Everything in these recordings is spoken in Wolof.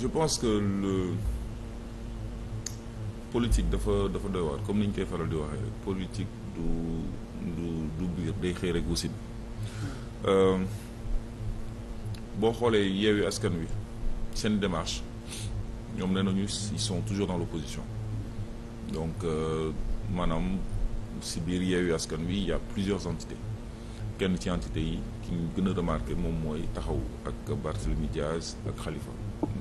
je pense que le politique dafa dafa doy waar comme ni ñu koy faral di waxee rek politique du du du biir day xëy rek aussi euh, boo xoolee yeewi askan wi seen démarche ñoom nee nañu ils sont toujours dans l'opposition donc euh, maanaam si biir yeewi askan wi il y plusieurs entités kenn ci entité yi ki ñu gën a remarqué moom mooy taxaw ak Barthélemy Diaz ak xalifa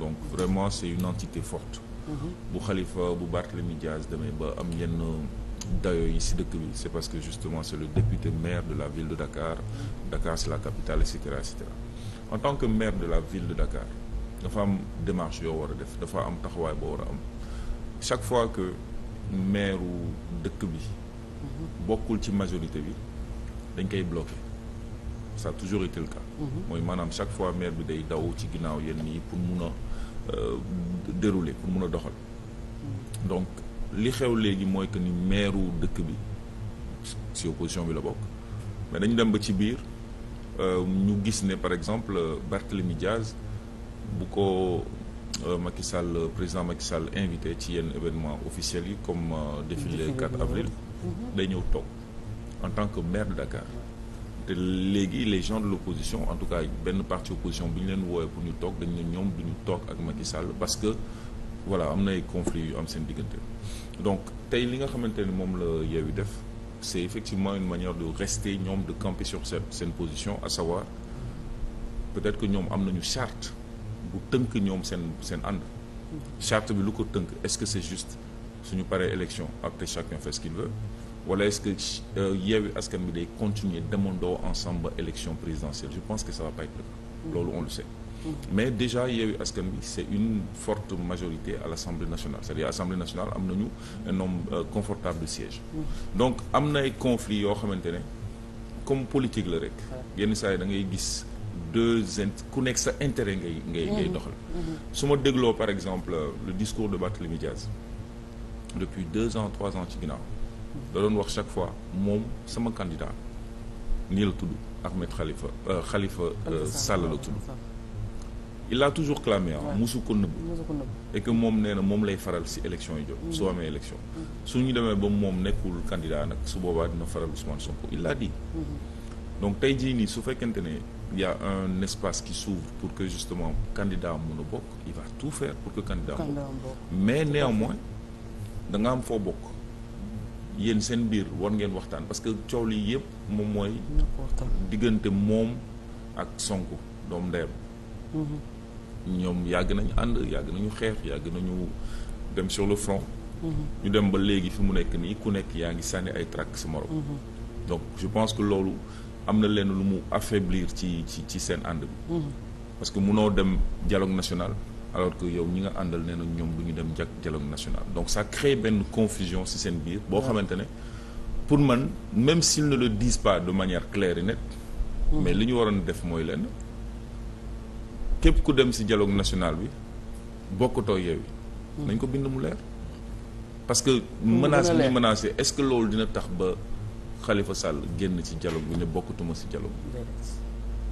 donc vraiment c'est une entité forte mm-hmm. bu Khalifa bu Barthélemy Diaz demee ba am yenn dayoo yi si dëkk bi c'est parce que justement c'est le député maire de la ville de Dakar Dakar si la capitale et cetera et cetera en tant que maire de la ville de Dakar dafa am démarche yoo war a def dafa am taxawaay boo war a am chaque fois que maire dëkk bi mm-hmm. bokkul ci majorité bi dañ koy bloqué ca a toujours été le mhm. mooy maanaam chaque fois maire bi day daw ci ginnaaw yenn yi pour mun a euh, dérouler pour mun a doxal. Mhm. donc li xew léegi mooy que ni maireu dëkk bi si opposition bi la bokk mais dañu dem ba ci biir euh, ñu gis ne par exemple euh, Barthélemy Diaz bu ko Macky président Macky Sall invité ci yenn événement officiels yi comme défilé 4 avril mhm. day ñëw toog en tant que maire de Dakar te léegi les gens de l'opposition en tout cas benn parti opposition bi ñu leen woowee pour ñu toog dañ ne ñoom du ñu toog ak Macky Sall parce que voilà am na ay conflits yu am seen diggante donc tey li nga xamante ne moom la Yewwi def c'est effectivement une manière de rester ñoom de camper sur cette seen position à savoir peut-être que ñoom am nañu charte bu tënk ñoom seen seen ànd charte bi lu ko tënk est-ce que c'est juste suñu paree élection après chacun fait ce qu'il wala est-ce que euh, Yewwi Askan bi de continuer demandoo ensemble élection présidentielle je pense que ça va pas être le loolu on lu sait mais déjà Yewwi Askan bi c'est une forte majorité à l'Assemblée nationale c'est-à-dire Assemblée nationale am nañu un nombre euh, confortable de sièges donc am na ay conflits yoo xamante ne comme politique la rek yenn saa yi da ngay gis deux ku nekk sa intérêt ngay ngay ngay doxal su ma dégloo par exemple euh, le discours de Barthélémy Diaz depuis deux ans trois ci ginnaaw da doon wax chaque fois moom sama candidat nii la tudd Ahmed xalifa xalifa euh, euh, Sall la tudd il a toujours clamé ah musu ko nëbb et que moom nee na moom lay faral si élection yi jot soo mm. amee élection mm. suñu demee ba moom nekkul candidat nag su boobaa dina faral Ousmane Sonko il l'a dit mm-hmm. donc tey jii nii su fekkente ne y a un espace qui s'ouvre pour que justement candidat mën a bokk il va tout faire pour que candidat bokk mais néanmoins da nga am foo bokk yéen seen biir war ngeen waxtaan parce que coow lii yëpp moom mooy. diggante moom ak sonk doomu ndeyam. Mm-hmm. ñoom yàgg nañu ànd yàgg nañu xeex yàgg nañu dem sur le front. Mm-hmm. ñu dem ba léegi fi mu nekk nii ku nekk yaa ngi sànni ay trac sa morom. Mm-hmm. donc je pense que loolu am na leen lu mu affaiblir ci ci ci seen ànd bi. parce que munoo dem dialogue national. alors que yow ñi nga àndal nee na ñoom bu ñu dem jag dialogue national donc ça crée benn confusion si seen biir boo xamante ne pour man même s'ils ne le disent pas de manière claire et nette mm. mais li ñu waroon def mooy lenn képp ku dem si dialogue national bi bokkatoo yeewi mm. nañ ko bind mu parce que menace bi ñu est-ce que loolu dina tax ba Khalifa Sall génn ci dialogue ne bokkatuma si dialogue bi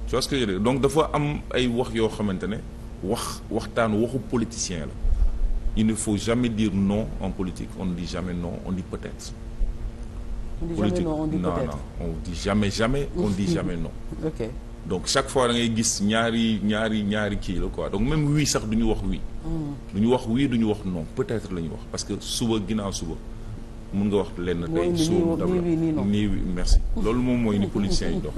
tu vois que je veux donc dafa am ay wax yoo xamante ne wax waxtaan waxu politicien la in ne faut jamais dire non en politique on di dit jamais non on dit peut-être. politique non on dit non, peut-être non on dit jamais jamais on dit jamais non. donc chaque fois da ngay gis ñaari ñaari ñaari kii la quoi donc même oui sax du wax oui. Hmm. du ñu wax wii du ñu wax non peut-être la ñu wax parce que suba ginnaaw suba. mun nga wax lenn tey suba mu la nii oui merci loolu moom mooy ni politiciens yi dox.